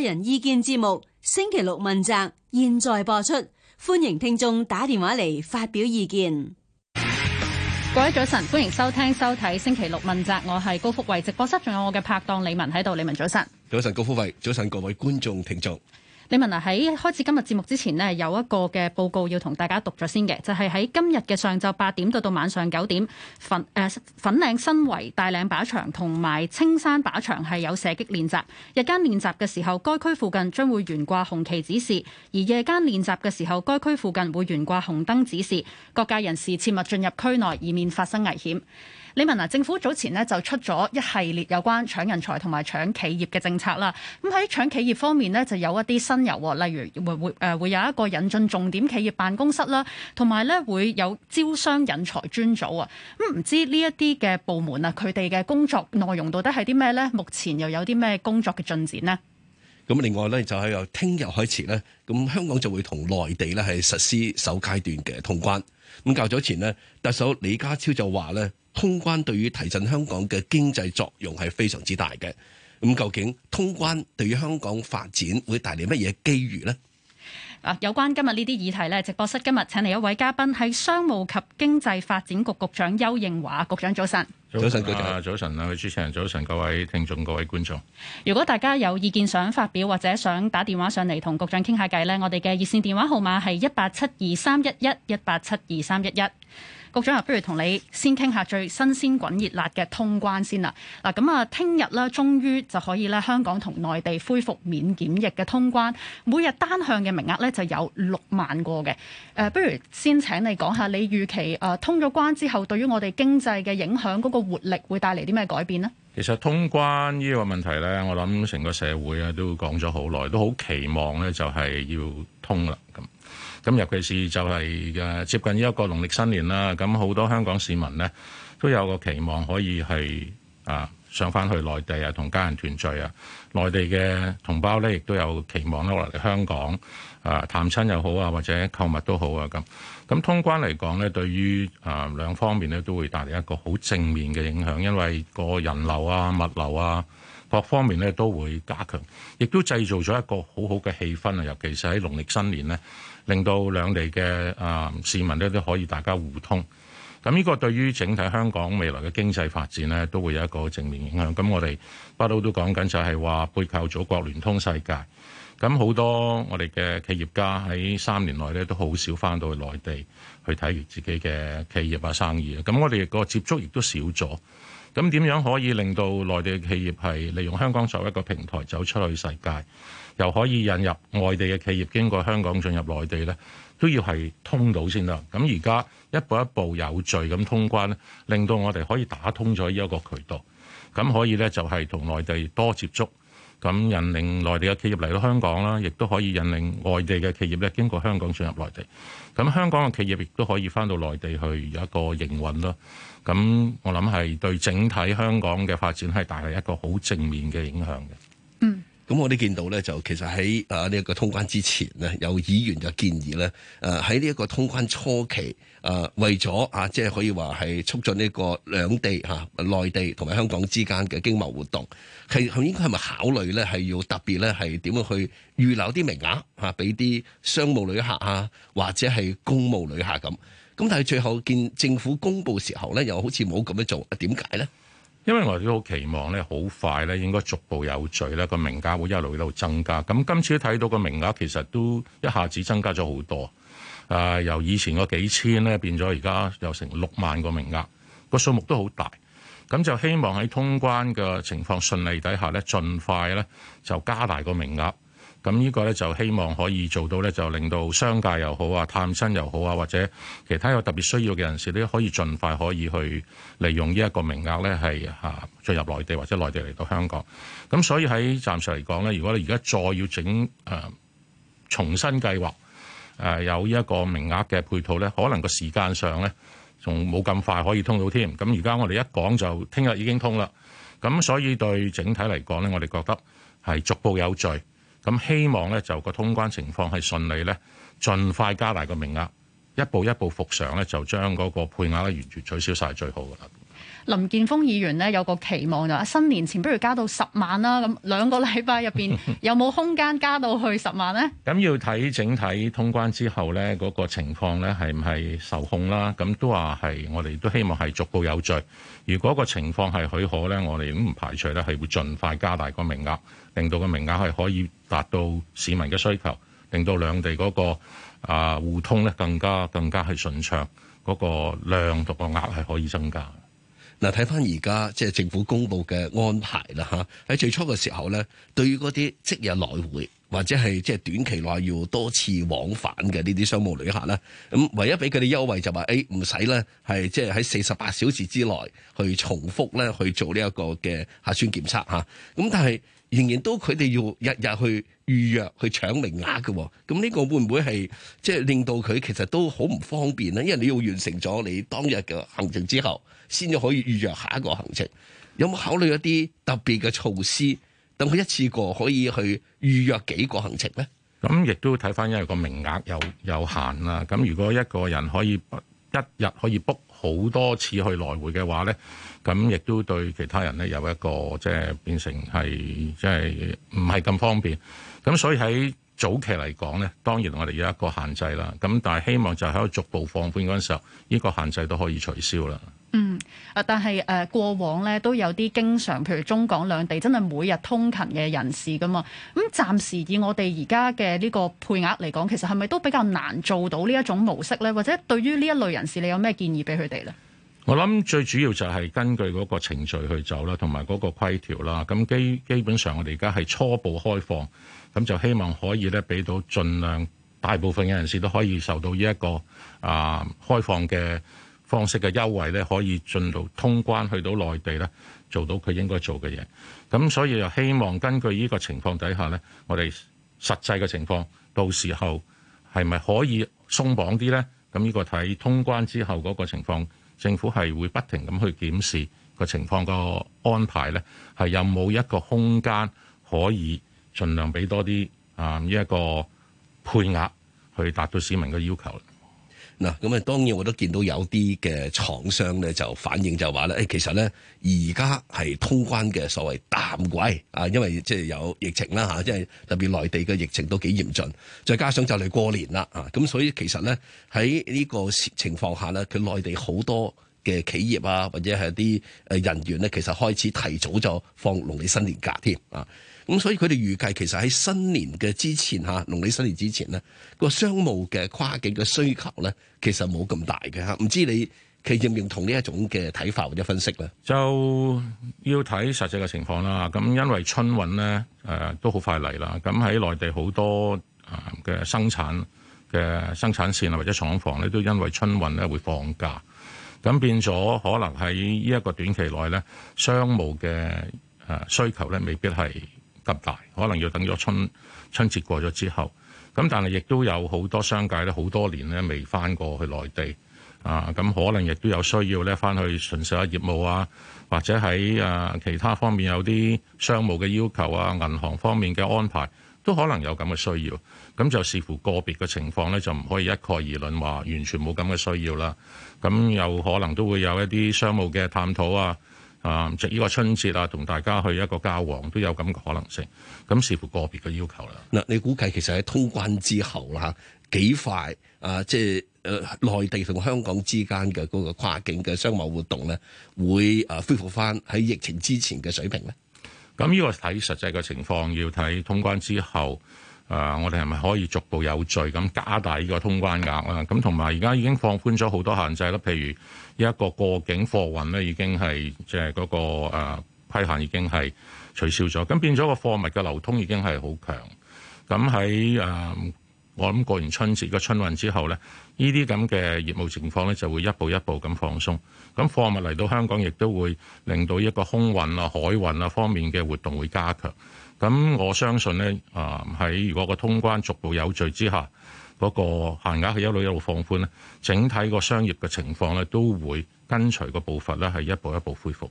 個人意見節目星期六問責，現在播出。歡迎聽眾打電話嚟發表意見。各位早晨，歡迎收聽收睇星期六問責，我係高福慧，直播室，仲有我嘅拍檔李文喺度，李文早晨。早晨高福慧，早晨各位觀眾聽眾。你問啊，喺開始今日節目之前呢，有一個嘅報告要同大家讀咗先嘅，就係、是、喺今日嘅上晝八點到到晚上九點，粉、呃、粉嶺新圍大嶺靶場同埋青山靶場係有射擊練習。日間練習嘅時候，該區附近將會懸掛紅旗指示；而夜間練習嘅時候，該區附近會懸掛紅燈指示。各界人士切勿進入區內，以免發生危險。李文啊，政府早前呢，就出咗一系列有關搶人才同埋搶企業嘅政策啦。咁喺搶企業方面呢，就有一啲新游，例如會會誒會有一個引進重點企業辦公室啦，同埋咧會有招商引才專組啊。咁唔知呢一啲嘅部門啊，佢哋嘅工作內容到底係啲咩呢？目前又有啲咩工作嘅進展呢？咁另外咧就係由聽日開始咧，咁香港就會同內地咧係實施首階段嘅通關。咁較早前呢，特首李家超就話咧。通關對於提振香港嘅經濟作用係非常之大嘅。咁究竟通關對於香港發展會帶嚟乜嘢機遇呢？啊，有關今日呢啲議題呢，直播室今日請嚟一位嘉賓係商務及經濟發展局局長丘應樺局長，早晨。早晨，各位早晨啊，主持人，早晨，主持人早晨，各位聽眾，各位觀眾。如果大家有意見想發表或者想打電話上嚟同局長傾下偈咧，我哋嘅熱線電話號碼係一八七二三一一一八七二三一一。局長啊，不如同你先傾下最新鮮滾熱辣嘅通關先啦。嗱咁啊，聽日咧終於就可以咧香港同內地恢復免檢疫嘅通關，每日單向嘅名額咧就有六萬個嘅。誒、啊，不如先請你講下你預期誒、啊、通咗關之後對於我哋經濟嘅影響嗰個。活力會帶嚟啲咩改變咧？其實通關呢個問題咧，我諗成個社會啊都講咗好耐，都好期望咧就係要通啦。咁咁尤其是就係嘅接近呢一個農曆新年啦，咁好多香港市民咧都有個期望可以係啊上返去內地啊同家人團聚啊，內地嘅同胞咧亦都有期望咧嚟香港啊探親又好啊，或者購物都好啊咁。咁通關嚟講咧，對於啊兩方面咧，都會帶嚟一個好正面嘅影響，因為個人流啊、物流啊，各方面咧都會加強，亦都製造咗一個好好嘅氣氛啊！尤其是喺農曆新年咧，令到兩地嘅啊市民咧都可以大家互通。咁、這、呢個對於整體香港未來嘅經濟發展咧，都會有一個正面影響。咁我哋不嬲都講緊就係話，背靠祖國，聯通世界。咁好多我哋嘅企業家喺三年內咧都好少翻到去內地去睇完自己嘅企業啊生意啊，咁我哋個接觸亦都少咗。咁點樣可以令到內地嘅企業係利用香港作為一個平台走出去世界，又可以引入外地嘅企業經過香港進入內地咧，都要係通到先得。咁而家一步一步有序咁通關咧，令到我哋可以打通咗呢一個渠道，咁可以咧就係同內地多接觸。咁引領內地嘅企業嚟到香港啦，亦都可以引領外地嘅企業咧經過香港進入內地。咁香港嘅企業亦都可以翻到內地去有一個營運囉。咁我諗係對整體香港嘅發展係帶嚟一個好正面嘅影響嘅。嗯。咁我哋見到咧，就其實喺啊呢一個通關之前咧，有議員就建議咧，誒喺呢一個通關初期，誒為咗啊，即係可以話係促進呢個兩地嚇內地同埋香港之間嘅經貿活動，係係應該係咪考慮咧，係要特別咧係點樣去預留啲名額嚇，俾啲商務旅客啊，或者係公務旅客咁。咁但係最後見政府公布時候咧，又好似冇咁樣做，點解咧？因為我哋都好期望咧，好快咧，應該逐步有序咧，個名額會一路一度增加。咁今次睇到個名額其實都一下子增加咗好多，誒、呃、由以前個幾千咧變咗而家有成六萬個名額，個數目都好大。咁就希望喺通關嘅情況順利底下咧，盡快咧就加大個名額。咁呢個咧就希望可以做到咧，就令到商界又好啊、探親又好啊，或者其他有特別需要嘅人士咧，可以盡快可以去利用呢一個名額咧，係嚇進入內地或者內地嚟到香港。咁所以喺暫時嚟講咧，如果你而家再要整誒、呃、重新計劃誒、呃、有呢一個名額嘅配套咧，可能個時間上咧仲冇咁快可以通到添。咁而家我哋一講就聽日已經通啦。咁所以對整體嚟講咧，我哋覺得係逐步有序。咁希望咧就個通關情況係順利咧，盡快加大個名額，一步一步復常咧，就將嗰個配額完全取消晒，最好啦。林健鋒議員呢，有個期望就話：新年前不如加到十萬啦。咁兩個禮拜入邊有冇空間加到去十萬咧？咁 要睇整體通關之後咧，嗰、嗰個情況咧係唔係受控啦？咁都話係我哋都希望係逐步有序。如果個情況係許可咧，我哋都唔排除咧係會盡快加大個名額。令到嘅名額係可以達到市民嘅需求，令到兩地嗰個啊互通咧更加更加係順暢，嗰個量度個額係可以增加。嗱，睇翻而家即係政府公布嘅安排啦，吓，喺最初嘅時候咧，對於嗰啲即日來回或者係即係短期內要多次往返嘅呢啲商務旅客咧，咁唯一俾佢哋優惠就話誒唔使咧係即係喺四十八小時之內去重複咧去做呢一個嘅核酸檢測吓，咁但係。仍然都佢哋要日日去預約去搶名額嘅，咁呢個會唔會係即係令到佢其實都好唔方便咧？因為你要完成咗你當日嘅行程之後，先至可以預約下一個行程。有冇考慮一啲特別嘅措施，等佢一次過可以去預約幾個行程咧？咁亦都睇返，因為個名額有有限啦。咁如果一個人可以一日可以 book 好多次去來回嘅話呢，咁亦都對其他人呢有一個即係、就是、變成係即係唔係咁方便。咁所以喺早期嚟講呢，當然我哋有一個限制啦。咁但係希望就喺度逐步放寬嗰陣時候，呢、這個限制都可以取消啦。嗯，啊，但係誒過往咧都有啲經常，譬如中港兩地真係每日通勤嘅人士噶嘛。咁暫時以我哋而家嘅呢個配額嚟講，其實係咪都比較難做到呢一種模式咧？或者對於呢一類人士，你有咩建議俾佢哋咧？我諗最主要就係根據嗰個程序去走啦，同埋嗰個規條啦。咁基基本上我哋而家係初步開放，咁就希望可以咧俾到盡量大部分嘅人士都可以受到呢一個啊、呃、開放嘅方式嘅優惠咧，可以進到通關去到內地咧，做到佢應該做嘅嘢。咁所以又希望根據呢個情況底下咧，我哋實際嘅情況，到時候係咪可以鬆綁啲咧？咁呢個睇通關之後嗰個情況，政府係會不停咁去檢視個情況個安排咧，係有冇一個空間可以盡量俾多啲啊呢一個配額去達到市民嘅要求。嗱，咁啊當然我都見到有啲嘅廠商咧，就反映就話咧，誒其實咧而家係通關嘅所謂淡季，啊，因為即係有疫情啦嚇即係特別內地嘅疫情都幾嚴峻，再加上就嚟過年啦啊，咁所以其實咧喺呢個情況下咧，佢內地好多嘅企業啊，或者係啲誒人員咧，其實開始提早就放農曆新年假添啊。咁所以佢哋預計其實喺新年嘅之前吓，農曆新年之前咧，個商務嘅跨境嘅需求咧，其實冇咁大嘅吓，唔知你其實認唔認同呢一種嘅睇法或者分析咧？就要睇實際嘅情況啦。咁因為春運咧，誒、呃、都好快嚟啦。咁喺內地好多啊嘅生產嘅生產線啊，或者廠房咧，都因為春運咧會放假，咁變咗可能喺呢一個短期內咧，商務嘅誒需求咧未必係。大，可能要等咗春春節過咗之後，咁但係亦都有好多商界咧，好多年咧未翻過去內地啊，咁可能亦都有需要咧翻去巡視下業務啊，或者喺誒、啊、其他方面有啲商務嘅要求啊，銀行方面嘅安排都可能有咁嘅需要，咁就視乎個別嘅情況咧，就唔可以一概而論話完全冇咁嘅需要啦，咁、啊、有可能都會有一啲商務嘅探討啊。啊！即依個春節啊，同大家去一個交往都有咁嘅可能性。咁視乎個別嘅要求啦。嗱，你估計其實喺通關之後啦，幾快啊？即誒、呃，內地同香港之間嘅嗰個跨境嘅商貿活動咧，會誒恢復翻喺疫情之前嘅水平咧？咁呢個睇實際嘅情況，要睇通關之後啊，我哋係咪可以逐步有序咁加大呢個通關額啊？咁同埋而家已經放寬咗好多限制啦，譬如，一個過境貨運咧，已經係即係嗰個誒、呃、規限已經係取消咗，咁變咗個貨物嘅流通已經係好強。咁喺誒，我諗過完春節個春運之後咧，呢啲咁嘅業務情況咧就會一步一步咁放鬆。咁貨物嚟到香港，亦都會令到一個空運啊、海運啊方面嘅活動會加強。咁我相信咧，誒、呃、喺如果個通關逐步有序之下。嗰、那個限額係一路一路放寬咧，整體個商業嘅情況咧都會跟隨個步伐咧係一步一步恢復。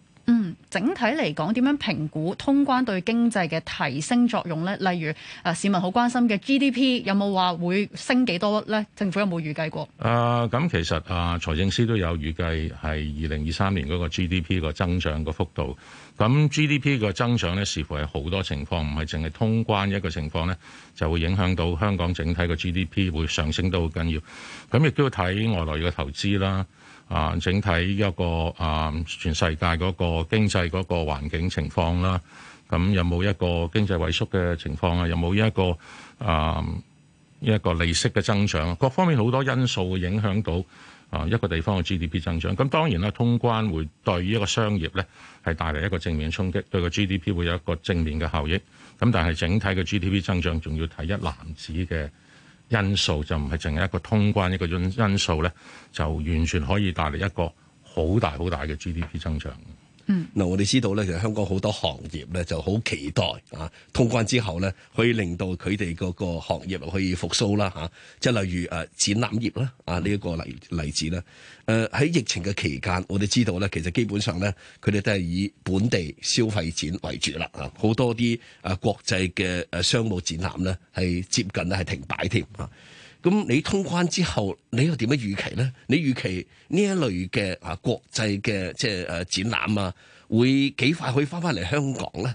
整體嚟講，點樣評估通關對經濟嘅提升作用呢？例如，啊市民好關心嘅 GDP 有冇話會升幾多呢？政府有冇預計過？誒、啊，咁其實啊，財政司都有預計係二零二三年嗰個 GDP 個增長個幅度。咁 GDP 個增長呢，似乎係好多情況唔係淨係通關一個情況呢，就會影響到香港整體嘅 GDP 會上升到好緊要。咁亦都要睇外來嘅投資啦。啊，整體一個啊，全世界嗰個經濟嗰個環境情況啦，咁有冇一個經濟萎縮嘅情況啊？有冇一個啊，一個利息嘅增長？各方面好多因素會影響到啊，一個地方嘅 GDP 增長。咁當然啦，通關會對於一個商業咧係帶嚟一個正面衝擊，對個 GDP 會有一個正面嘅效益。咁但係整體嘅 GDP 增長仲要睇一籃子嘅。因素就唔係淨係一個通關一個因素咧，就完全可以帶嚟一個好大好大嘅 GDP 增長。嗱、嗯，我哋知道咧，其實香港好多行業咧就好期待啊，通關之後咧，可以令到佢哋嗰個行業可以復甦啦嚇。即係例如誒展覽業啦，啊呢一個例例子啦。誒喺疫情嘅期間，我哋知道咧，其實基本上咧，佢哋都係以本地消費展為主啦，好多啲誒國際嘅誒商務展覽咧係接近咧係停擺添。咁你通關之後，你又點樣預期咧？你預期呢一類嘅啊國際嘅即係誒展覽啊，會幾快可以翻翻嚟香港咧？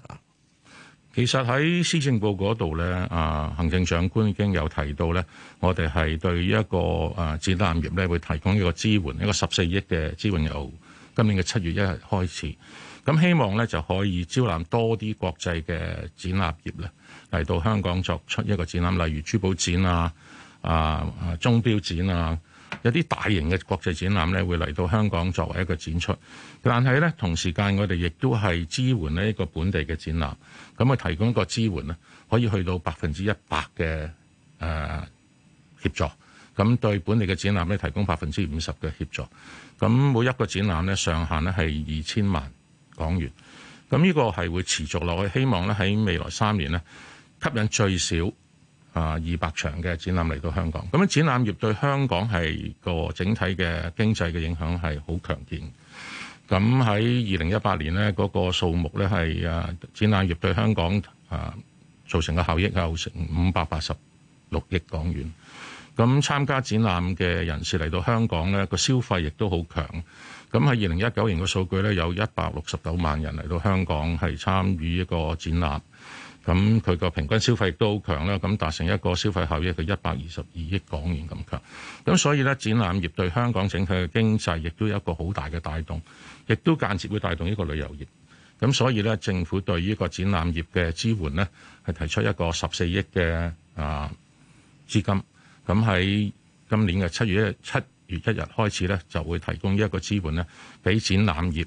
其實喺施政報告嗰度咧，啊行政長官已經有提到咧，我哋係對一個啊展覽業咧會提供一個支援，一個十四億嘅支援，由今年嘅七月一日開始。咁希望咧就可以招攬多啲國際嘅展覽業咧嚟到香港作出一個展覽，例如珠寶展啊。啊啊！鐘錶展啊，有啲大型嘅國際展覽咧，會嚟到香港作為一個展出。但係咧，同時間我哋亦都係支援呢一個本地嘅展覽，咁啊提供一個支援咧，可以去到百分之一百嘅誒協助。咁對本地嘅展覽咧，提供百分之五十嘅協助。咁每一個展覽咧上限咧係二千萬港元。咁呢個係會持續落去，希望咧喺未來三年咧吸引最少，啊！二百場嘅展覽嚟到香港，咁樣展覽業對香港係個整體嘅經濟嘅影響係好強健。咁喺二零一八年呢，嗰個數目呢係啊展覽業對香港啊造成嘅效益有成五百八十六億港元。咁參加展覽嘅人士嚟到香港呢，個消費亦都好強。咁喺二零一九年嘅數據呢，有一百六十九萬人嚟到香港係參與一個展覽。咁佢個平均消費亦都好強啦，咁達成一個消費效益嘅一百二十二億港元咁強。咁所以咧，展覽業對香港整體嘅經濟亦都有一個好大嘅帶動，亦都間接會帶動呢個旅遊業。咁所以咧，政府對呢個展覽業嘅支援咧，係提出一個十四億嘅啊資金。咁喺今年嘅七月一七月一日開始咧，就會提供呢一個資本咧，俾展覽業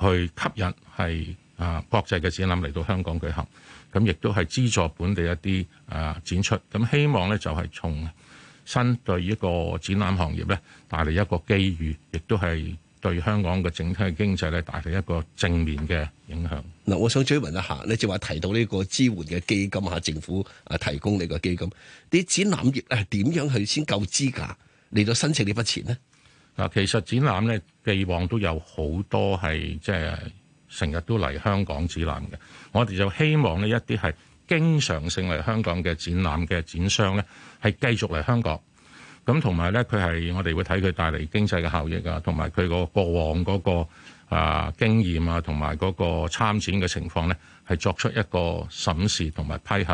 去吸引係啊國際嘅展覽嚟到香港舉行。咁亦都係資助本地一啲誒展出，咁希望咧就係從新對一個展覽行業咧帶嚟一個機遇，亦都係對香港嘅整體經濟咧帶嚟一個正面嘅影響。嗱，我想追問一下，你即係話提到呢個支援嘅基金啊，政府啊提供你個基金，啲展覽業咧係點樣去先夠資格嚟到申請的呢筆錢咧？嗱，其實展覽咧，既往都有好多係即係。成日都嚟香港展覽嘅，我哋就希望呢一啲係經常性嚟香港嘅展覽嘅展商咧，係繼續嚟香港。咁同埋咧，佢係，我哋會睇佢帶嚟經濟嘅效益啊，同埋佢個過往嗰個啊經驗啊，同埋嗰個參展嘅情況咧，係作出一個審視同埋批核。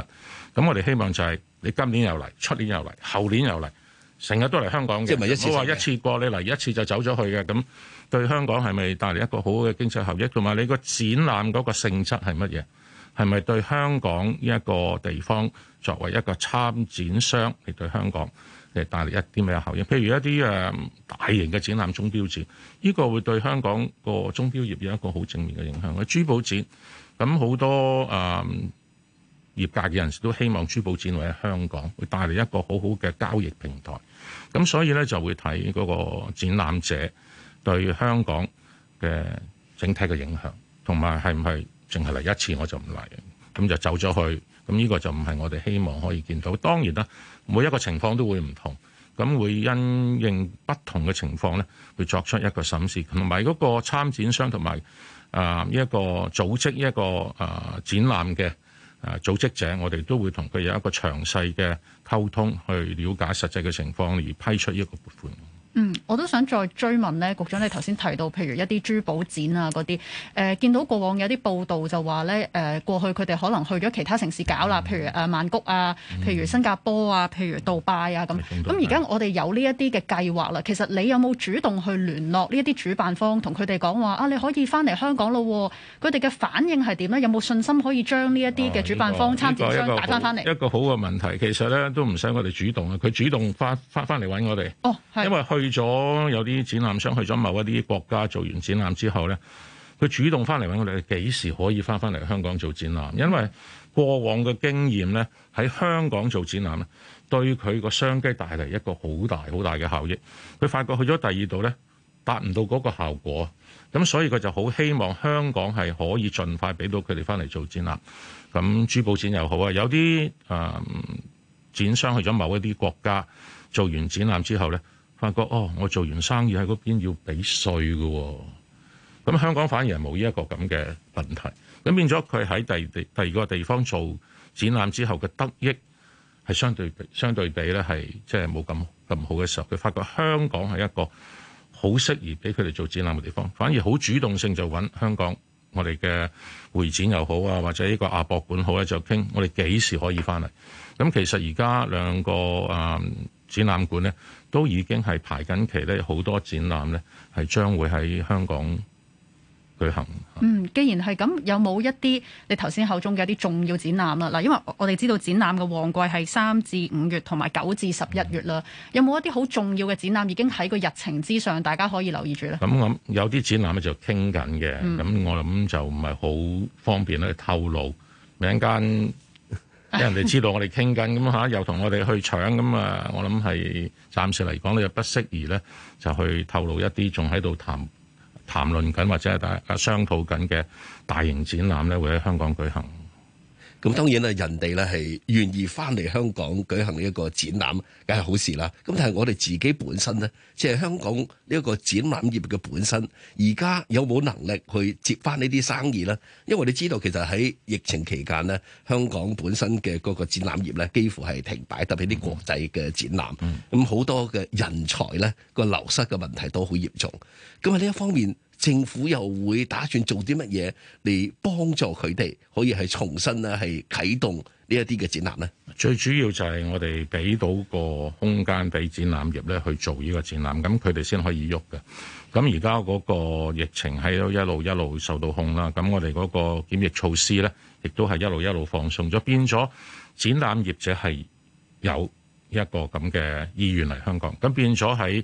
咁我哋希望就係你今年又嚟，出年又嚟，後年又嚟，成日都嚟香港嘅。即係唔係一次？我話一次過，你嚟一次就走咗去嘅咁。對香港係咪帶嚟一個好好嘅經濟效益？同埋你個展覽嗰個性質係乜嘢？係咪對香港呢一個地方作為一個參展商嚟對香港嚟帶嚟一啲咩效益？譬如一啲誒大型嘅展覽，鐘錶展，呢個會對香港個鐘錶業有一個好正面嘅影響。珠寶展咁好多誒、嗯、業界嘅人士都希望珠寶展喺香港會帶嚟一個好好嘅交易平台。咁所以呢，就會睇嗰個展覽者對香港嘅整體嘅影響，同埋係唔係淨係嚟一次我就唔嚟，咁就走咗去，咁呢個就唔係我哋希望可以見到。當然啦，每一個情況都會唔同，咁會因應不同嘅情況呢，會作出一個審視，同埋嗰個參展商同埋啊呢一個組織一個啊展覽嘅啊組織者，我哋都會同佢有一個詳細嘅溝通，去了解實際嘅情況而批出一個撥款。嗯，我都想再追問咧，局長，你頭先提到譬如一啲珠寶展啊嗰啲，誒、呃、見到過往有啲報道就話咧，誒、呃、過去佢哋可能去咗其他城市搞啦、嗯，譬如誒曼谷啊、嗯，譬如新加坡啊，譬如杜拜啊咁。咁而家我哋有呢一啲嘅計劃啦，其實你有冇主動去聯絡呢一啲主辦方說說，同佢哋講話啊，你可以翻嚟香港咯、啊，佢哋嘅反應係點咧？有冇信心可以將呢一啲嘅主辦方參展商、啊這個這個、帶翻翻嚟？一個好嘅問題，其實咧都唔使我哋主動啊，佢主動發翻翻嚟揾我哋。哦，係，因為去。去咗有啲展覽商去咗某一啲國家做完展覽之後呢，佢主動翻嚟揾我哋，幾時可以翻翻嚟香港做展覽？因為過往嘅經驗呢，喺香港做展覽呢，對佢個商機帶嚟一個好大好大嘅效益。佢發覺去咗第二度呢，達唔到嗰個效果，咁所以佢就好希望香港係可以盡快俾到佢哋翻嚟做展覽。咁珠寶展又好啊，有啲誒、呃、展商去咗某一啲國家做完展覽之後呢，發覺哦，我做完生意喺嗰邊要俾稅㗎喎，咁香港反而冇呢一個咁嘅問題，咁變咗佢喺第二地第二個地方做展覽之後嘅得益係相對比相對比咧係即係冇咁咁好嘅時候，佢發覺香港係一個好適宜俾佢哋做展覽嘅地方，反而好主動性就揾香港我哋嘅會展又好啊，或者呢個亞博館好咧，就傾我哋幾時可以翻嚟。咁其實而家兩個啊。嗯展覽館咧都已經係排緊期咧，好多展覽咧係將會喺香港舉行。嗯，既然係咁，有冇一啲你頭先口中嘅一啲重要展覽啦？嗱，因為我哋知道展覽嘅旺季係三至五月同埋九至十一月啦、嗯。有冇一啲好重要嘅展覽已經喺個日程之上？大家可以留意住咧。咁、嗯、咁、嗯、有啲展覽咧就傾緊嘅，咁我諗就唔係好方便去透露。名間。俾 人哋知道我哋傾緊咁嚇，又同我哋去搶。咁啊！我諗係暫時嚟講，你就不適宜咧，就去透露一啲仲喺度談談論緊或者係大家商討緊嘅大型展覽咧，會喺香港舉行。咁當然啦，人哋咧係願意翻嚟香港舉行一個展覽，梗係好事啦。咁但係我哋自己本身咧，即係香港呢一個展覽業嘅本身，而家有冇能力去接翻呢啲生意咧？因為你知道，其實喺疫情期間咧，香港本身嘅嗰個展覽業咧，幾乎係停擺，特別啲國際嘅展覽，咁好多嘅人才咧個流失嘅問題都好嚴重。咁喺呢一方面。政府又會打算做啲乜嘢嚟幫助佢哋可以係重新咧係啟動呢一啲嘅展覽咧？最主要就係我哋俾到個空間俾展覽業咧去做呢個展覽，咁佢哋先可以喐嘅。咁而家嗰個疫情係都一路一路受到控啦，咁我哋嗰個檢疫措施咧，亦都係一路一路放鬆咗，變咗展覽業者係有一個咁嘅意願嚟香港，咁變咗喺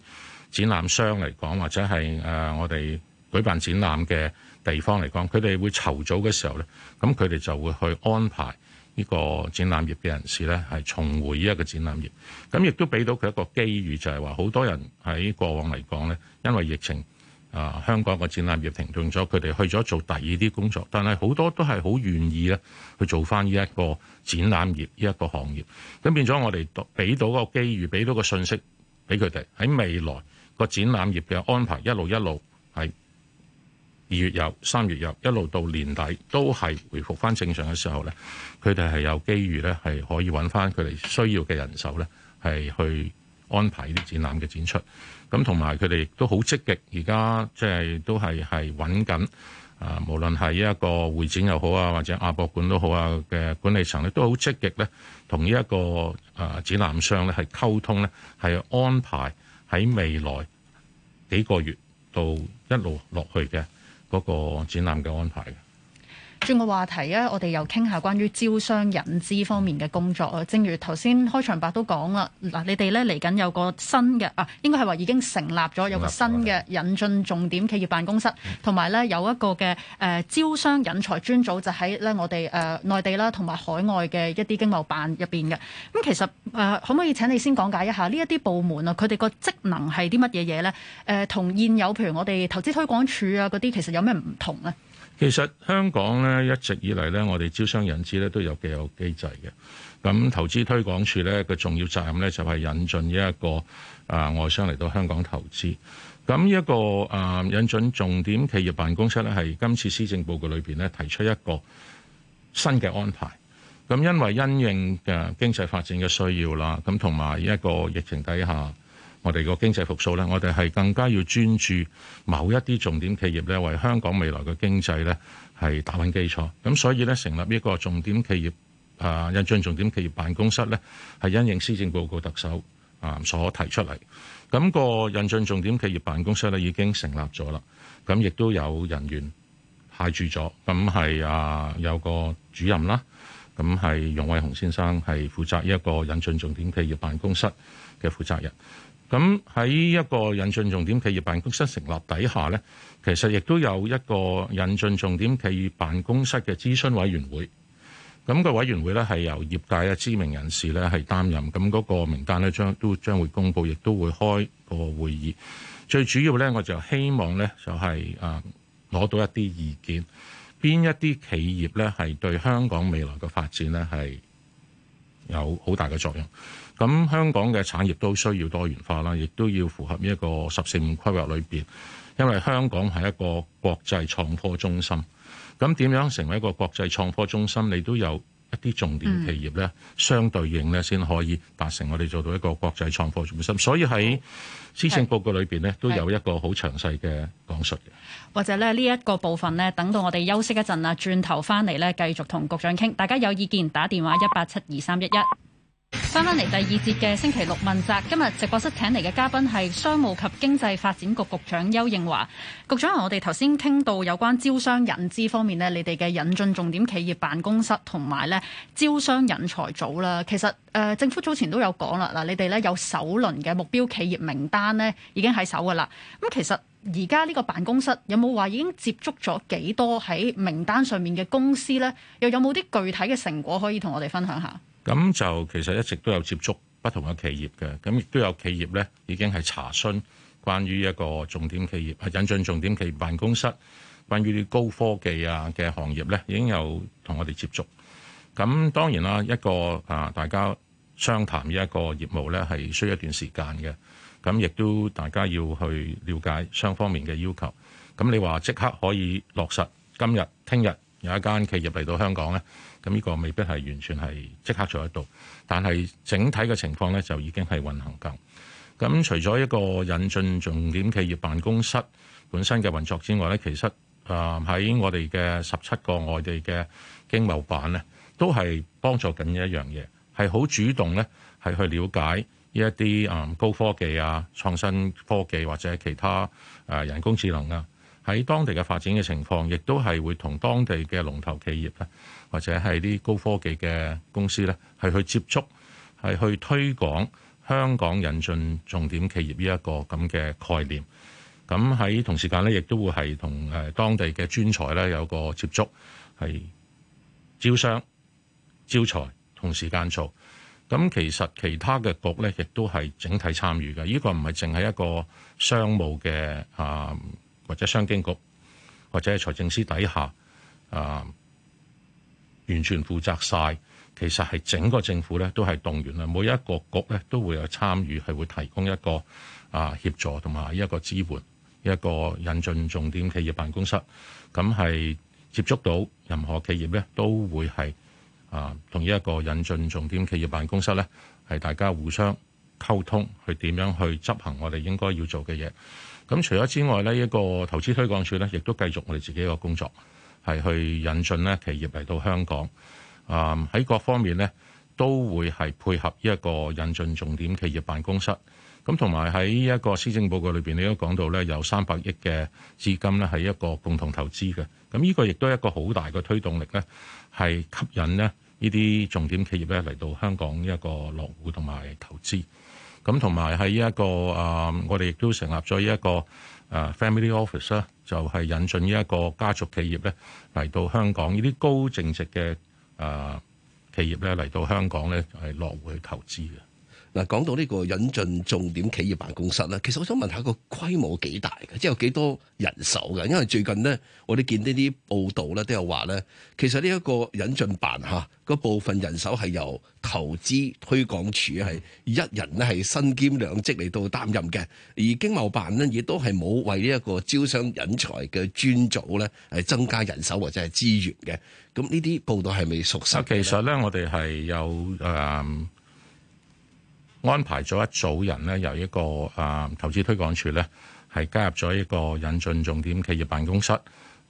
展覽商嚟講，或者係誒、呃、我哋。舉辦展覽嘅地方嚟講，佢哋會籌組嘅時候呢，咁佢哋就會去安排呢個展覽業嘅人士呢，係重回呢一個展覽業。咁亦都俾到佢一個機遇，就係話好多人喺過往嚟講呢，因為疫情啊，香港個展覽業停頓咗，佢哋去咗做第二啲工作。但係好多都係好願意呢去做翻呢一個展覽業呢一個行業。咁變咗我哋俾到個機遇，俾到個信息俾佢哋喺未來個展覽業嘅安排一路一路係。二月有，三月有，一路到年底都係回復翻正常嘅時候咧，佢哋係有機遇咧，係可以揾翻佢哋需要嘅人手咧，係去安排啲展覽嘅展出。咁同埋佢哋亦都好積極，而家即係都係，係揾緊，啊，無論係呢一個會展又好啊，或者亞博館都好啊嘅管理層咧，都好積極咧，同呢一個啊展覽商咧係溝通咧，係安排喺未來幾個月到一路落去嘅。嗰、那個展覽嘅安排。轉個話題，我哋又傾下關於招商引資方面嘅工作啊。正如頭先開場白都講啦，嗱，你哋咧嚟緊有個新嘅啊，應該係話已經成立咗有個新嘅引進重點企業辦公室，同埋咧有一個嘅誒、呃、招商引才專組，就喺咧我哋誒內地啦，同埋海外嘅一啲經貿辦入邊嘅。咁其實誒、呃，可唔可以請你先講解一下呢一啲部門啊，佢哋個職能係啲乜嘢嘢咧？誒、呃，同現有譬如我哋投資推廣署啊嗰啲，其實有咩唔同咧？其實香港咧一直以嚟咧，我哋招商引資咧都有既有機制嘅。咁投資推廣署咧嘅重要責任咧就係引進一個外商嚟到香港投資。咁一個引進重點企業辦公室咧，係今次施政報告裏面咧提出一個新嘅安排。咁因為因應嘅經濟發展嘅需要啦，咁同埋一個疫情底下。我哋個經濟復甦咧，我哋係更加要專注某一啲重點企業咧，為香港未來嘅經濟咧係打穩基礎。咁所以咧，成立一個重點企業啊引進重點企業辦公室咧，係因應施政報告特首啊所提出嚟。咁個引進重點企業辦公室咧已經成立咗啦。咁亦都有人員派駐咗。咁係啊有個主任啦。咁係容偉雄先生係負責呢一個引進重點企業辦公室嘅負責人。咁喺一個引進重點企業辦公室成立底下呢，其實亦都有一個引進重點企業辦公室嘅諮詢委員會。咁、嗰個委員會呢，係由業界嘅知名人士呢係擔任。咁、那、嗰個名單呢，將都將會公布，亦都會開個會議。最主要呢，我就希望呢，就係、是、啊攞到一啲意見，邊一啲企業呢，係對香港未來嘅發展呢，係有好大嘅作用。咁香港嘅產業都需要多元化啦，亦都要符合呢一個十四五規劃裏邊，因為香港係一個國際創科中心，咁點樣成為一個國際創科中心？你都有一啲重點企業咧、嗯，相對應咧，先可以達成我哋做到一個國際創科中心。所以喺施政報告裏邊咧，都有一個好詳細嘅講述嘅。或者咧，呢一個部分咧，等到我哋休息一陣啊，轉頭翻嚟咧，繼續同局長傾，大家有意見打電話一八七二三一一。返返嚟第二節嘅星期六問責，今日直播室請嚟嘅嘉賓係商務及經濟發展局局長丘應樺。局長，我哋頭先傾到有關招商引資方面呢，你哋嘅引進重點企業辦公室同埋咧招商引才組啦。其實誒、呃，政府早前都有講啦，嗱，你哋咧有首輪嘅目標企業名單呢已經喺手噶啦。咁其實而家呢個辦公室有冇話已經接觸咗幾多喺名單上面嘅公司呢？又有冇啲具體嘅成果可以同我哋分享下？咁就其實一直都有接觸不同嘅企業嘅，咁亦都有企業咧已經係查詢關於一個重點企業，引進重點企業辦公室關於啲高科技啊嘅行業咧，已經有同我哋接觸。咁當然啦，一個啊大家商談呢一個業務咧，係需要一段時間嘅。咁亦都大家要去了解雙方面嘅要求。咁你話即刻可以落實今，今日、聽日有一間企業嚟到香港咧？咁呢個未必係完全係即刻做得到，但係整體嘅情況咧就已經係運行緊。咁除咗一個引進重點企業辦公室本身嘅運作之外咧，其實喺我哋嘅十七個外地嘅經貿辦咧，都係幫助緊一樣嘢，係好主動咧，係去了解呢一啲高科技啊、創新科技或者其他人工智能啊，喺當地嘅發展嘅情況，亦都係會同當地嘅龍頭企業咧，或者係啲高科技嘅公司咧，係去接觸，係去推廣香港引進重點企業呢一個咁嘅概念。咁喺同時間咧，亦都會係同誒當地嘅專才咧有個接觸，係招商、招才同時間做。咁其實其他嘅局咧，亦都係整體參與嘅。呢個唔係淨係一個商務嘅啊。或者商經局，或者喺財政司底下，啊，完全負責晒。其實係整個政府咧，都係動員啦。每一個局咧，都會有參與，係會提供一個啊協助同埋一個支援，一個引進重點企業辦公室。咁係接觸到任何企業咧，都會係啊，同一個引進重點企業辦公室咧，係大家互相溝通，去點樣去執行我哋應該要做嘅嘢。咁除咗之外呢一個投資推廣署呢，亦都繼續我哋自己一個工作，係去引進咧企業嚟到香港。啊、嗯，喺各方面呢，都會係配合呢一個引進重點企業辦公室。咁同埋喺依一個施政報告裏邊，你都講到呢，有三百億嘅資金咧，係一個共同投資嘅。咁呢個亦都一個好大嘅推動力呢，係吸引呢依啲重點企業咧嚟到香港一個落戶同埋投資。咁同埋喺呢一個啊，我哋亦都成立咗呢一個啊 family office 咧，就係引進呢一個家族企業咧嚟到香港，呢啲高淨值嘅啊、呃、企業咧嚟到香港咧就係落戶去投資嘅。嗱，講到呢個引進重點企業辦公室咧，其實我想問下個規模幾大嘅，即係有幾多人手嘅？因為最近呢，我哋見呢啲報道咧都有話咧，其實呢一個引進辦嚇，部分人手係由投資推廣署係一人係身兼兩職嚟到擔任嘅，而經貿辦呢，亦都係冇為呢一個招商引才嘅專組咧係增加人手或者係資源嘅。咁呢啲報道係未屬實？其實咧，我哋係有誒。呃安排咗一組人咧，由一個啊投資推廣處咧，係加入咗一個引進重點企業辦公室，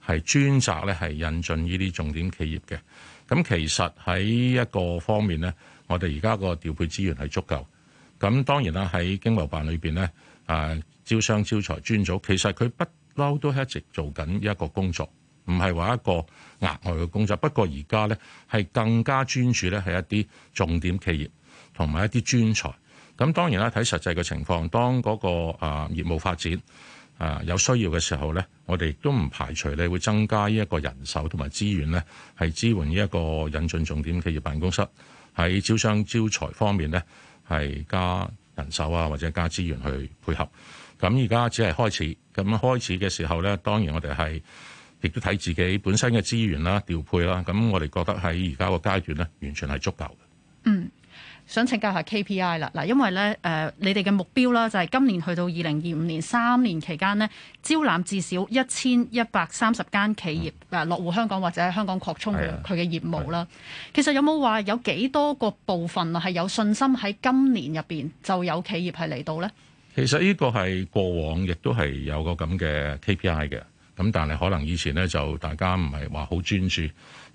係專責咧係引進呢啲重點企業嘅。咁其實喺一個方面咧，我哋而家個調配資源係足夠，咁當然啦，喺經貿辦裏邊咧，誒招商招才專組其實，佢不嬲都一直做緊一個工作，唔係話一個額外嘅工作。不過而家咧係更加專注咧係一啲重點企業同埋一啲專才。咁當然啦，睇實際嘅情況，當嗰個啊業務發展啊有需要嘅時候咧，我哋亦都唔排除你會增加呢一個人手同埋資源咧，係支援呢一個引進重點企業辦公室喺招商招才方面咧，係加人手啊，或者加資源去配合。咁而家只係開始，咁開始嘅時候咧，當然我哋係亦都睇自己本身嘅資源啦、調配啦。咁我哋覺得喺而家個階段咧，完全係足夠嘅。嗯。想請教下 KPI 啦，嗱，因為咧、呃，你哋嘅目標啦，就係今年去到二零二五年三年期間呢，招攬至少一千一百三十間企業、嗯呃、落戶香港或者喺香港擴充佢嘅、嗯、業務啦。其實有冇話有幾多個部分啊，係有信心喺今年入面就有企業係嚟到呢？其實呢個係過往亦都係有個咁嘅 KPI 嘅。咁但係可能以前咧就大家唔係話好專注，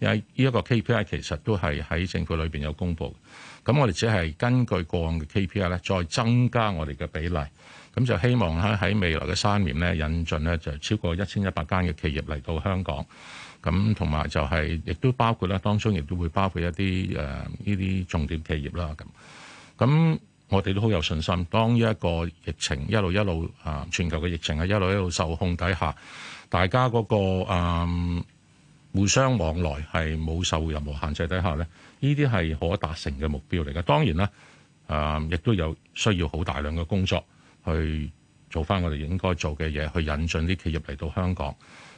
因為呢一個 KPI 其實都係喺政府裏面有公佈。咁我哋只係根據個案嘅 KPI 咧，再增加我哋嘅比例。咁就希望咧喺未來嘅三年咧引進咧就超過一千一百間嘅企業嚟到香港。咁同埋就係亦都包括啦，當中亦都會包括一啲誒呢啲重點企業啦。咁咁我哋都好有信心，當呢一個疫情一路一路啊全球嘅疫情一路一路受控底下。大家嗰、那個、嗯、互相往來係冇受任何限制底下咧，呢啲係可達成嘅目標嚟嘅。當然啦，亦、嗯、都有需要好大量嘅工作去做返我哋應該做嘅嘢，去引進啲企業嚟到香港。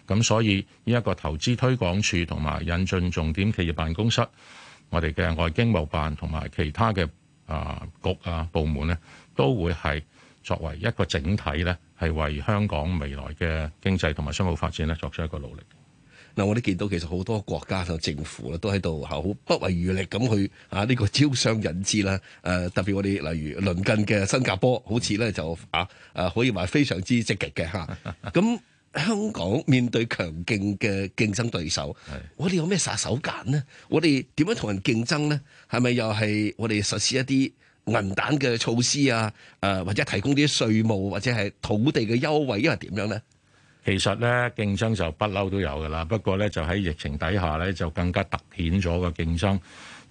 咁所以呢一、這個投資推廣署同埋引進重點企業辦公室，我哋嘅外經貿辦同埋其他嘅誒、呃、局啊部門咧，都會係。作為一個整體咧，係為香港未來嘅經濟同埋商務發展咧，作出一個努力。嗱，我哋見到其實好多國家同政府啦，都喺度好不遺餘力咁去啊呢、這個招商引資啦。誒、啊，特別我哋例如鄰近嘅新加坡，好似咧就啊誒、啊、可以話係非常之積極嘅吓。咁、啊、 香港面對強勁嘅競爭對手，我哋有咩殺手鐧呢？我哋點樣同人競爭呢？係咪又係我哋實施一啲？銀彈嘅措施啊，誒、呃、或者提供啲稅務或者係土地嘅優惠，因為點樣咧？其實咧競爭就不嬲都有噶啦，不過咧就喺疫情底下咧就更加凸顯咗個競爭。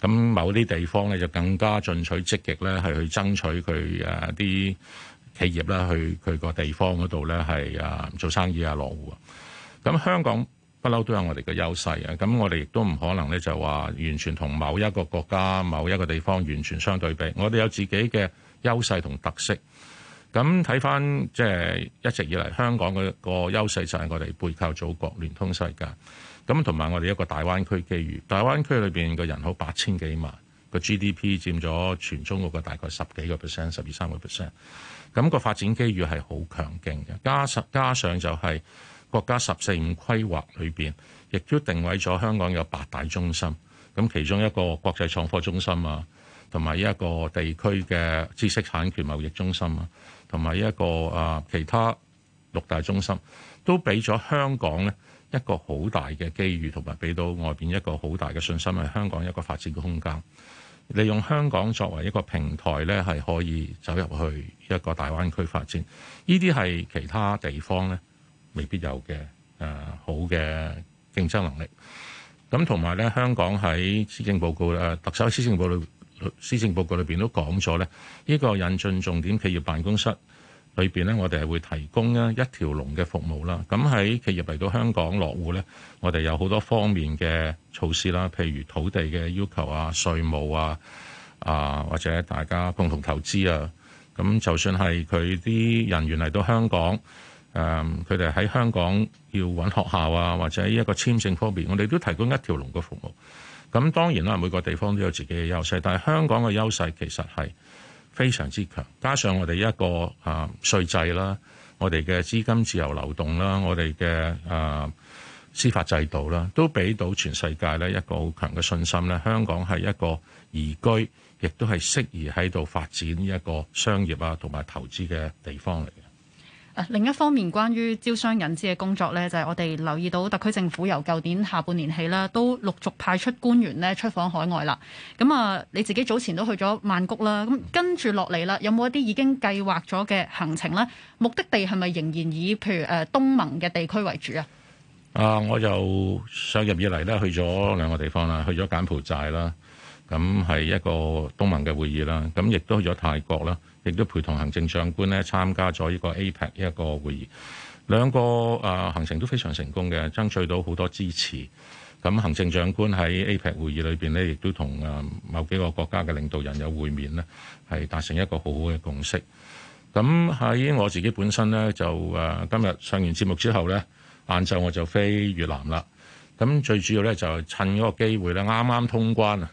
咁某啲地方咧就更加進取積極咧，係去爭取佢誒啲企業啦，去佢個地方嗰度咧係啊做生意啊落戶。咁香港。不嬲都有我哋嘅優勢啊！咁我哋亦都唔可能咧就話完全同某一個國家，某一個地方完全相對比，我哋有自己嘅優勢同特色。咁睇翻即係一直以嚟香港嘅個優勢就係我哋背靠祖國聯通世界，咁同埋我哋一個大灣區機遇。大灣區裏邊嘅人口八千幾萬，個 GDP 佔咗全中國嘅大概十幾個 percent，十二三個 percent。咁個發展機遇係好強勁嘅，加上加上就係，國家十四五規劃裏面亦都定位咗香港有八大中心，咁其中一個國際創科中心啊，同埋一個地區嘅知識產權貿易中心啊，同埋一個啊其他六大中心都俾咗香港呢一個好大嘅機遇，同埋俾到外邊一個好大嘅信心，係香港一個發展嘅空間。利用香港作為一個平台呢，係可以走入去一個大灣區發展。呢啲係其他地方呢，未必有嘅誒、呃、好嘅競爭能力。咁同埋咧，香港喺施政報告咧，特首施政報告、施政報告裏邊都講咗咧，呢、呢個引進重點企業辦公室裏邊咧，我哋係會提供咧一條龍嘅服務啦。咁喺企業嚟到香港落戶咧，我哋有好多方面嘅措施啦，譬如土地嘅要求啊、稅務啊啊或者大家共同投資啊。咁就算係佢啲人員嚟到香港。誒，佢哋喺香港要揾學校啊，或者在一個簽證方面，我哋都提供一條龍嘅服務。咁當然啦，每個地方都有自己嘅優勢，但係香港嘅優勢其實係非常之強，加上我哋一個啊稅制啦，我哋嘅資金自由流動啦，我哋嘅啊司法制度啦，都俾到全世界一個好強嘅信心。香港係一個宜居，亦都係適宜喺度發展一個商業啊同埋投資嘅地方嚟嘅。另一方面，關於招商引資嘅工作呢，就係我哋留意到特區政府由舊年下半年起啦，都陸續派出官員呢出訪海外啦。咁啊，你自己早前都去咗曼谷啦，咁跟住落嚟啦，有冇一啲已經計劃咗嘅行程呢？目的地係咪仍然以譬如誒東盟嘅地區為主啊？啊，我就上任以嚟呢去咗兩個地方啦，去咗柬埔寨啦。咁係一個東盟嘅會議啦，咁亦都去咗泰國啦，亦都陪同行政長官咧參加咗呢個 APEC 呢一個會議。兩個啊行程都非常成功嘅，爭取到好多支持。咁行政長官喺 APEC 會議裏面咧，亦都同啊某幾個國家嘅領導人有會面，呢係達成一個好好嘅共識。咁喺我自己本身咧，就誒、啊、今日上完節目之後咧，晏晝我就飛越南啦。咁最主要咧就係、趁嗰個機會咧，啱啱通關啊！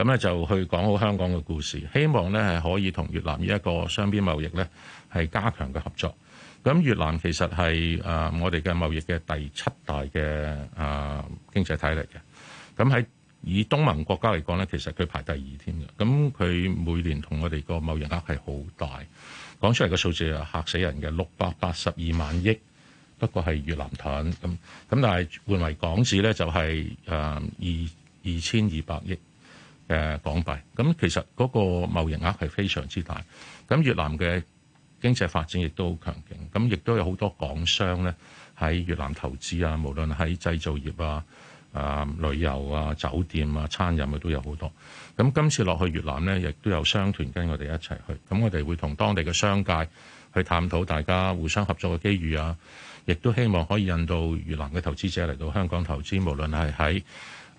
咁咧就去講好香港嘅故事，希望咧係可以同越南呢一個雙邊貿易咧係加強嘅合作。咁越南其實係啊、呃，我哋嘅貿易嘅第七大嘅啊、呃、經濟體嚟嘅。咁喺以東盟國家嚟講咧，其實佢排第二添嘅。咁佢每年同我哋個貿易額係好大，講出嚟嘅數字係嚇死人嘅，六百八十二萬億。不過係越南盾咁咁，但係換為港紙咧就係啊二二千二百億。誒港幣，咁其實嗰個貿易額係非常之大。咁越南嘅經濟發展亦都好強勁，咁亦都有好多港商呢喺越南投資啊，無論喺製造業啊、啊、呃、旅遊啊、酒店啊、餐飲啊都有好多。咁今次落去越南呢，亦都有商團跟我哋一齊去，咁我哋會同當地嘅商界去探討大家互相合作嘅機遇啊，亦都希望可以引導越南嘅投資者嚟到香港投資，無論係喺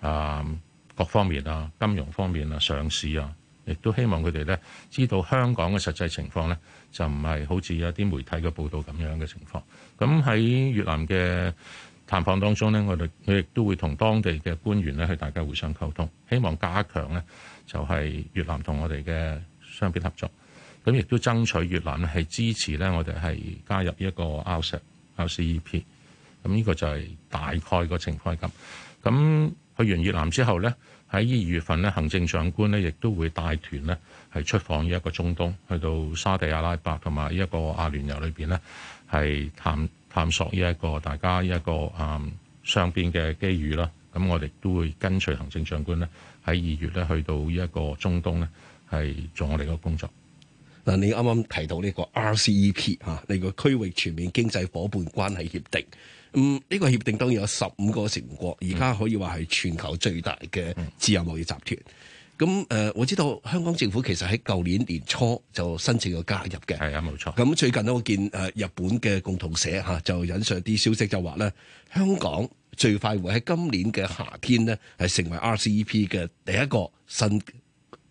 啊，呃各方面啊，金融方面啊，上市啊，亦都希望佢哋咧知道香港嘅實際情況咧，就唔係好似有啲媒體嘅報道咁樣嘅情況。咁喺越南嘅探訪當中咧，我哋佢亦都會同當地嘅官員咧，去大家互相溝通，希望加強咧就係越南同我哋嘅雙邊合作。咁亦都爭取越南係支持咧，我哋係加入一個 RCEP。咁呢個就係大概個情況。咁。咁去完越南之後咧，喺二月份咧，行政長官咧亦都會帶團咧，係出訪依一個中東，去到沙地阿拉伯同埋依一個阿聯酋裏邊咧，係探探索依一個大家依一個誒雙、嗯、邊嘅機遇啦。咁我哋都會跟隨行政長官咧，喺二月咧去到依一個中東咧，係做我哋嘅工作。嗱，你啱啱提到呢個 RCEP 嚇，呢個區域全面經濟夥伴關係協定。嗯，呢、呢個協定當然有十五個成國，而家可以話係全球最大嘅自由貿易集團。咁、嗯、誒、呃，我知道香港政府其實喺舊年年初就申請咗加入嘅，係啊，冇錯。咁最近咧，我見誒日本嘅共同社嚇就引述啲消息就話，就話咧香港最快會喺今年嘅夏天咧係成為 RCEP 嘅第一個新誒、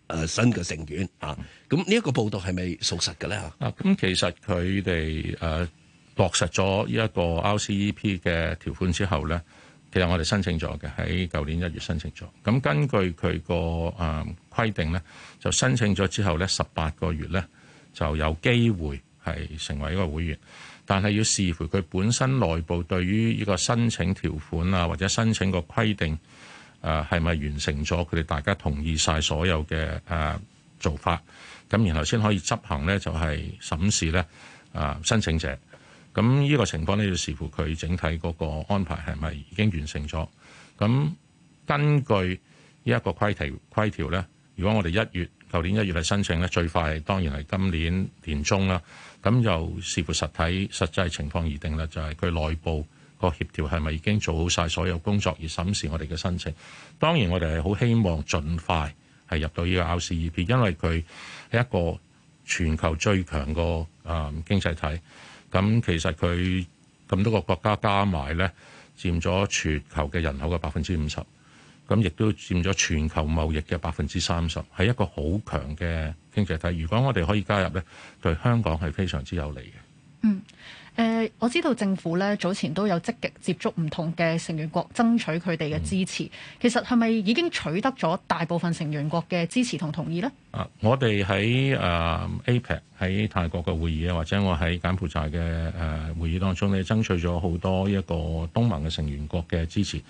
呃、新嘅成員啊。咁呢一個報道係咪屬實嘅咧？啊、嗯，咁其實佢哋誒，呃落實咗呢一個 RCEP 嘅條款之後呢，其實我哋申請咗嘅喺舊年一月申請咗。咁根據佢個誒規定呢，就申請咗之後呢，十八個月呢，就有機會係成為一個會員。但係要視乎佢本身內部對於呢個申請條款啊，或者申請個規定誒係咪完成咗，佢哋大家同意晒所有嘅、呃、做法，咁然後先可以執行呢，就係、是、審視呢誒、呃、申請者。咁呢個情況呢，就視乎佢整體嗰個安排係咪已經完成咗。咁根據呢一個規條規條呢，如果我哋一月舊年一月嚟申請呢，最快當然係今年年中啦。咁就視乎實體實際情況而定啦。就係佢內部個協調係咪已經做好晒所有工作，而審視我哋嘅申請。當然我哋係好希望盡快係入到呢個 RCEP，因為佢係一個全球最強個啊經濟體。咁其實佢咁多個國家加埋呢，佔咗全球嘅人口嘅百分之五十，咁亦都佔咗全球貿易嘅百分之三十，係一個好強嘅經濟體，但如果我哋可以加入呢，對香港係非常之有利嘅。嗯，呃，我知道政府呢，早前都有積極接觸唔同嘅成員國，爭取佢哋嘅支持。嗯，其實係咪已經取得咗大部分成員國嘅支持同同意呢？我哋喺誒 APEC 喺泰國嘅會議啊，或者我喺柬埔寨嘅誒會議當中咧，爭取咗好多一個東盟嘅成員國嘅支持。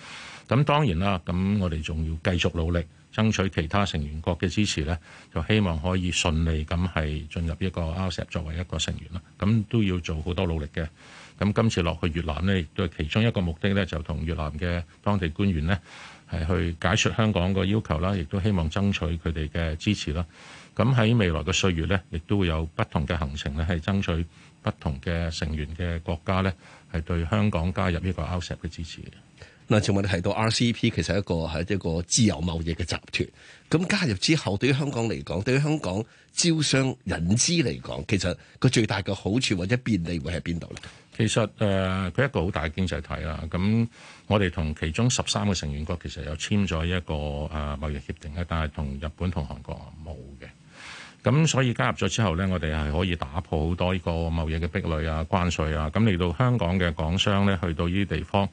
咁當然啦，咁我哋仲要繼續努力爭取其他成員國嘅支持呢，就希望可以順利咁係進入一個 RCEP 作為一個成員啦。咁都要做好多努力嘅。咁今次落去越南呢，亦都係其中一個目的呢，就同越南嘅當地官員呢。係去解説香港個要求啦，亦都希望爭取佢哋嘅支持啦。咁喺未來嘅歲月呢，亦都會有不同嘅行程咧，係爭取不同嘅成員嘅國家呢係對香港加入呢個 outset 嘅支持。嗱，前面你提到 RCEP 其實係一個係一個自由貿易嘅集團，咁加入之後，對於香港嚟講，對於香港招商引資嚟講，其實個最大嘅好處或者便利會喺邊度咧？其實誒，佢、呃、一個好大經濟體啦。咁我哋同其中十三個成員國其實有簽咗一個誒貿易協定，但係同日本同韓國冇嘅。咁所以加入咗之後咧，我哋係可以打破好多呢個貿易嘅壁壘啊、關稅啊。咁嚟到香港嘅港商咧，去到呢啲地方。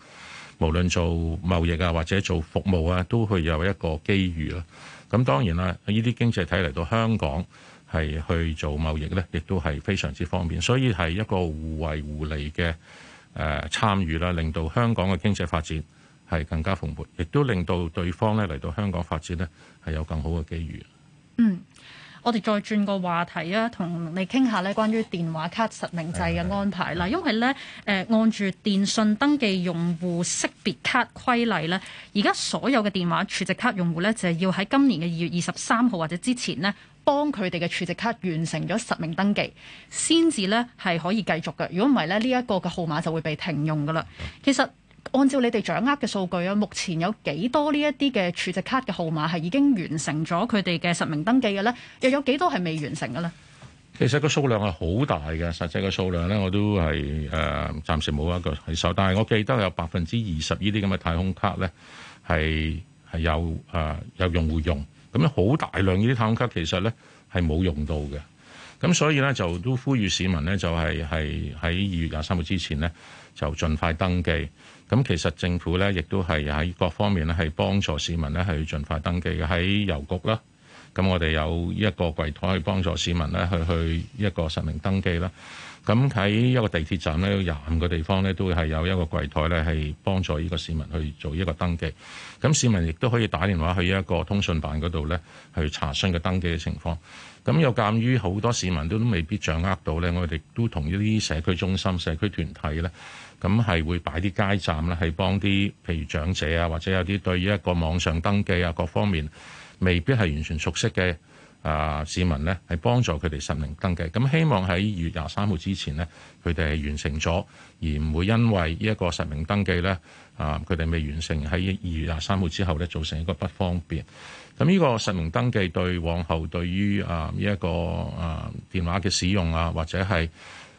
無論做貿易啊，或者做服務啊，都會有一個機遇啦。咁當然啦，呢啲經濟體嚟到香港係去做貿易呢，亦都係非常之方便，所以係一個互惠互利嘅誒參與啦，令到香港嘅經濟發展係更加蓬勃，亦都令到對方呢嚟到香港發展呢，係有更好嘅機遇。嗯。我哋再轉個話題啊，同你傾下咧，關於電話卡實名制嘅安排啦。因為咧，誒按住電訊登記用戶識別卡規例咧，而家所有嘅電話儲值卡用戶咧，就係要喺今年嘅二月二十三號或者之前呢，幫佢哋嘅儲值卡完成咗實名登記，先至咧係可以繼續嘅。如果唔係咧，呢一個嘅號碼就會被停用噶啦。其實，按照你哋掌握嘅數據啊，目前有幾多呢一啲嘅儲值卡嘅號碼係已經完成咗佢哋嘅實名登記嘅咧？又有幾多係未完成嘅咧？其實個數量係好大嘅，實際個數量咧我都係誒暫時冇一個係數，但係我記得有百分之二十呢啲咁嘅太空卡咧係係有誒、呃、有用戶用，咁樣好大量呢啲太空卡其實咧係冇用到嘅，咁所以咧就都呼籲市民咧就係係喺二月廿三號之前咧就盡快登記。咁其實政府咧，亦都係喺各方面咧，係幫助市民咧，去要盡快登記嘅喺郵局啦。咁我哋有一個櫃台去幫助市民咧，去去一個實名登記啦。咁喺一個地鐵站咧，有廿五個地方咧，都係有一個櫃台咧，係幫助呢個市民去做一個登記。咁市民亦都可以打電話去一個通訊辦嗰度咧，去查詢個登記嘅情況。咁有鑒於好多市民都未必掌握到咧，我哋都同呢啲社區中心、社區團體咧，咁係會擺啲街站咧，係幫啲譬如長者啊，或者有啲對於一個網上登記啊各方面，未必係完全熟悉嘅。啊！市民呢係幫助佢哋實名登記，咁希望喺二月廿三號之前呢，佢哋係完成咗，而唔會因為呢一個實名登記呢，啊佢哋未完成喺二月廿三號之後呢，造成一個不方便。咁呢個實名登記對往後對於啊呢一個啊電話嘅使用啊，或者係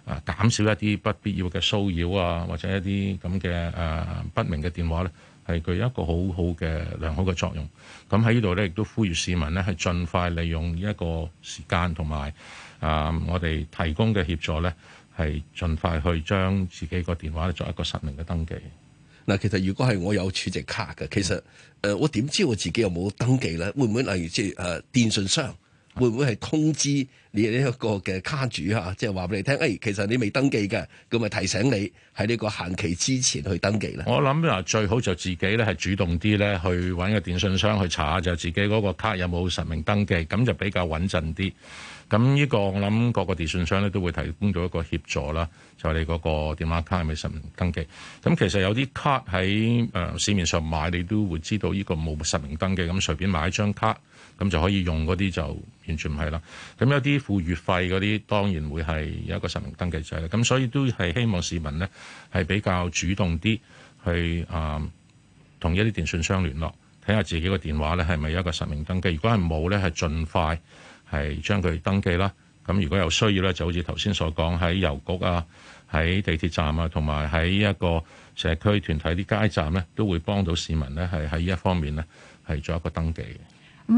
啊減少一啲不必要嘅騷擾啊，或者一啲咁嘅誒不明嘅電話呢，係具一個很好好嘅良好嘅作用，咁喺呢度咧，亦都呼籲市民呢，係盡快利用呢一個時間同埋啊，我哋提供嘅協助咧，係盡快去將自己個電話咧作一個實名嘅登記。嗱，其實如果係我有儲值卡嘅，其實誒、呃，我點知我自己有冇登記咧？會唔會例如即係誒電信商會唔會係通知？你呢一個嘅卡主嚇，即係話俾你聽，誒、哎，其實你未登記嘅，咁咪提醒你喺呢個限期之前去登記啦。我諗啊，最好就是自己咧係主動啲咧，去揾個電信商去查下，就自己嗰個卡有冇實名登記，咁就比較穩陣啲。咁呢個我諗各個電信商咧都會提供咗一個協助啦，就係、是、你嗰個電話卡有冇實名登記。咁其實有啲卡喺誒市面上買，你都會知道呢個冇實名登記，咁隨便買一張卡，咁就可以用嗰啲就完全唔係啦。咁有啲。付月費嗰啲當然會係有一個實名登記制啦，咁所以都係希望市民呢係比較主動啲去啊同、呃、一啲電信商聯絡，睇下自己個電話呢係咪一個實名登記，如果係冇呢，係盡快係將佢登記啦。咁如果有需要呢，就好似頭先所講喺郵局啊、喺地鐵站啊，同埋喺一個社區團體啲街站呢，都會幫到市民呢，係喺呢一方面呢，係做一個登記。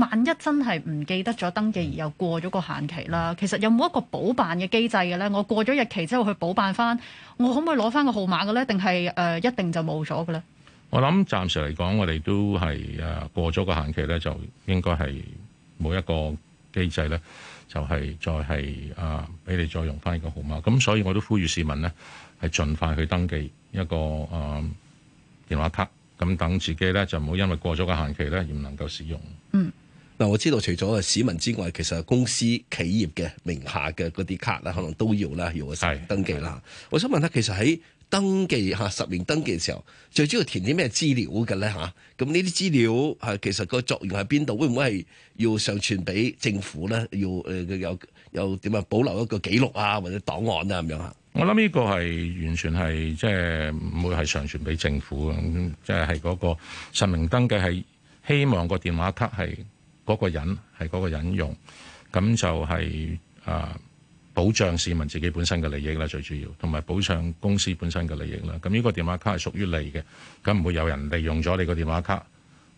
萬一真係唔記得咗登記而又過咗個限期啦，其實有冇一個補辦嘅機制嘅咧？我過咗日期之後去補辦翻，我可唔可以攞翻個號碼嘅咧？定係、呃、一定就冇咗嘅咧？我諗暫時嚟講，我哋都係誒過咗個限期咧，就應該係冇一個機制咧，就係、誒、再係畀俾你再用翻呢個號碼。咁所以我都呼籲市民呢，係盡快去登記一個誒、呃、電話卡，咁等自己咧就唔好因為過咗個限期咧而唔能夠使用。嗯。我知道除咗市民之外，其實公司企業嘅名下嘅嗰啲卡啦，可能都要啦，要實名登記啦。我想問下，其實喺登記吓、啊、實名登記嘅時候，最主要填啲咩資料嘅咧吓？咁呢啲資料嚇、啊、其實個作用喺邊度？會唔會係要上傳俾政府咧？要誒有有點樣，保留一個記錄啊，或者檔案啊咁樣吓，我諗呢個係完全係即係唔會係上傳俾政府咁即係係個實名登記係希望個電話卡係。嗰個人係嗰個引用，咁就係啊，保障市民自己本身嘅利益啦，最主要，同埋保障公司本身嘅利益啦。咁呢個電話卡係屬於你嘅，咁唔會有人利用咗你個電話卡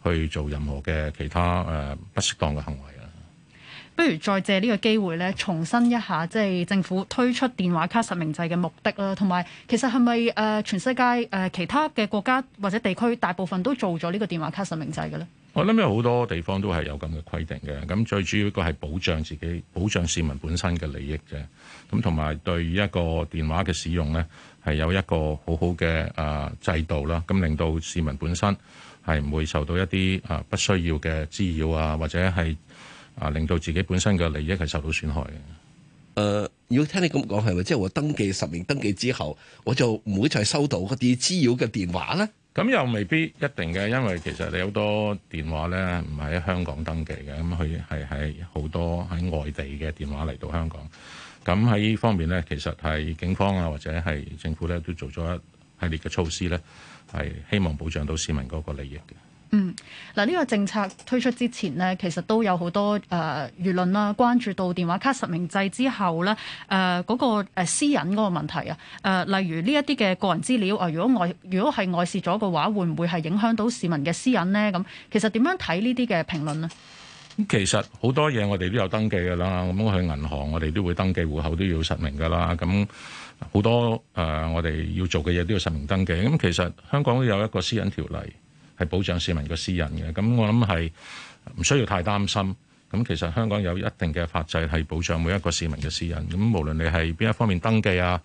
去做任何嘅其他、呃、不適當嘅行為啊。不如再借呢個機會咧，重申一下，即係政府推出電話卡實名制嘅目的啦，同埋其實係咪、呃、全世界、呃、其他嘅國家或者地區大部分都做咗呢個電話卡實名制嘅咧？我諗有好多地方都係有咁嘅規定嘅，咁最主要一個係保障自己、保障市民本身嘅利益啫。咁同埋對於一個電話嘅使用呢，係有一個好好嘅啊制度啦，咁令到市民本身係唔會受到一啲啊、呃、不需要嘅滋擾啊，或者係啊、呃、令到自己本身嘅利益係受到損害嘅。誒、呃，如果聽你咁講係咪？即係我登記實名登記之後，我就唔會再收到嗰啲滋擾嘅電話咧？咁又未必一定嘅，因為其實你好多電話咧唔喺香港登記嘅，咁佢係好多喺外地嘅電話嚟到香港。咁喺呢方面咧，其實係警方啊或者係政府咧都做咗一系列嘅措施咧，係希望保障到市民嗰個利益嘅。嗯，嗱，呢個政策推出之前呢，其實都有好多誒輿論啦，關注到電話卡實名制之後呢，誒、呃、嗰、嗰個、呃、私隱嗰個問題啊，誒、呃、例如呢一啲嘅個人資料啊、呃，如果外如果係外泄咗嘅話，會唔會係影響到市民嘅私隱呢？咁其實點樣睇呢啲嘅評論呢？其實好多嘢我哋都有登記㗎啦，咁去銀行我哋都會登記戶口都要實名㗎啦，咁好多誒、呃、我哋要做嘅嘢都要實名登記，咁其實香港都有一個私隱條例。係保障市民嘅私隱嘅，咁我諗係唔需要太擔心。咁其實香港有一定嘅法制係保障每一個市民嘅私隱。咁無論你係邊一方面登記啊，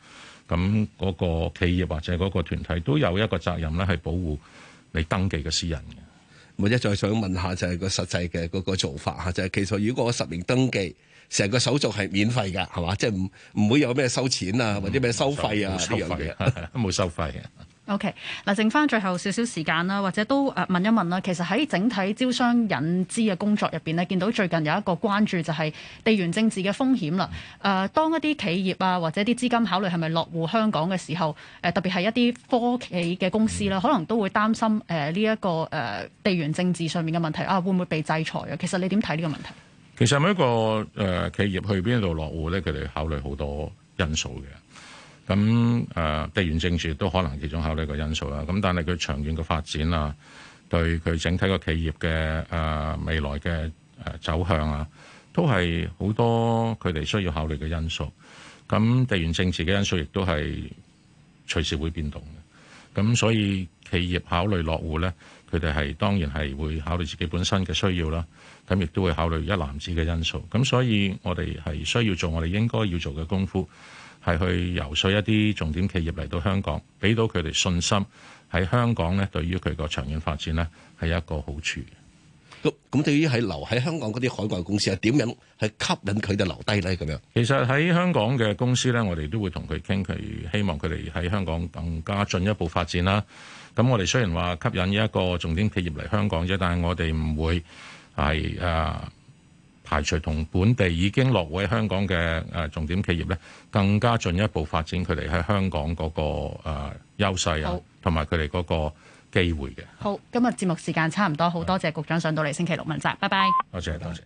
咁嗰個企業或者嗰個團體都有一個責任咧，係保護你登記嘅私隱。我一再想問下，就係個實際嘅嗰個做法嚇，就係、是、其實如果實名登記，成個手續係免費㗎，係嘛？即係唔唔會有咩收錢啊，嗯、或者咩收費啊呢樣嘢，冇收，收費嘅。 OK，嗱，剩翻最後少少時間啦，或者都誒問一問啦。其實喺整體招商引資嘅工作入邊呢，見到最近有一個關注就係、是、地緣政治嘅風險啦。誒、呃，當一啲企業啊或者啲資金考慮係咪落戶香港嘅時候，誒、呃、特別係一啲科技嘅公司啦、嗯，可能都會擔心誒呢一個誒、呃、地緣政治上面嘅問題啊，會唔會被制裁啊？其實你點睇呢個問題？其實每一個誒、呃、企業去邊度落戶呢，佢哋考慮好多因素嘅。咁誒地緣政治都可能其中考慮一個因素啦。咁但係佢長遠嘅發展啊，對佢整體個企業嘅、呃、未來嘅走向啊，都係好多佢哋需要考慮嘅因素。咁地緣政治嘅因素亦都係隨時會變動嘅。咁所以企業考慮落戶咧，佢哋係當然係會考慮自己本身嘅需要啦。咁亦都會考慮一籃子嘅因素。咁所以我哋係需要做我哋應該要做嘅功夫。係去遊說一啲重點企業嚟到香港，俾到佢哋信心喺香港咧，對於佢個長遠發展咧係一個好處。咁咁，對於喺留喺香港嗰啲海外公司啊，點樣係吸引佢哋留低咧？咁樣其實喺香港嘅公司咧，我哋都會同佢傾，譬如希望佢哋喺香港更加進一步發展啦。咁我哋雖然話吸引呢一個重點企業嚟香港啫，但係我哋唔會係啊。呃排除同本地已經落位香港嘅誒重點企業咧，更加進一步發展佢哋喺香港嗰個誒優勢啊，同埋佢哋嗰個機會嘅。好，今日節目時間差唔多，好多謝局長上到嚟星期六問責，拜拜。多謝多謝。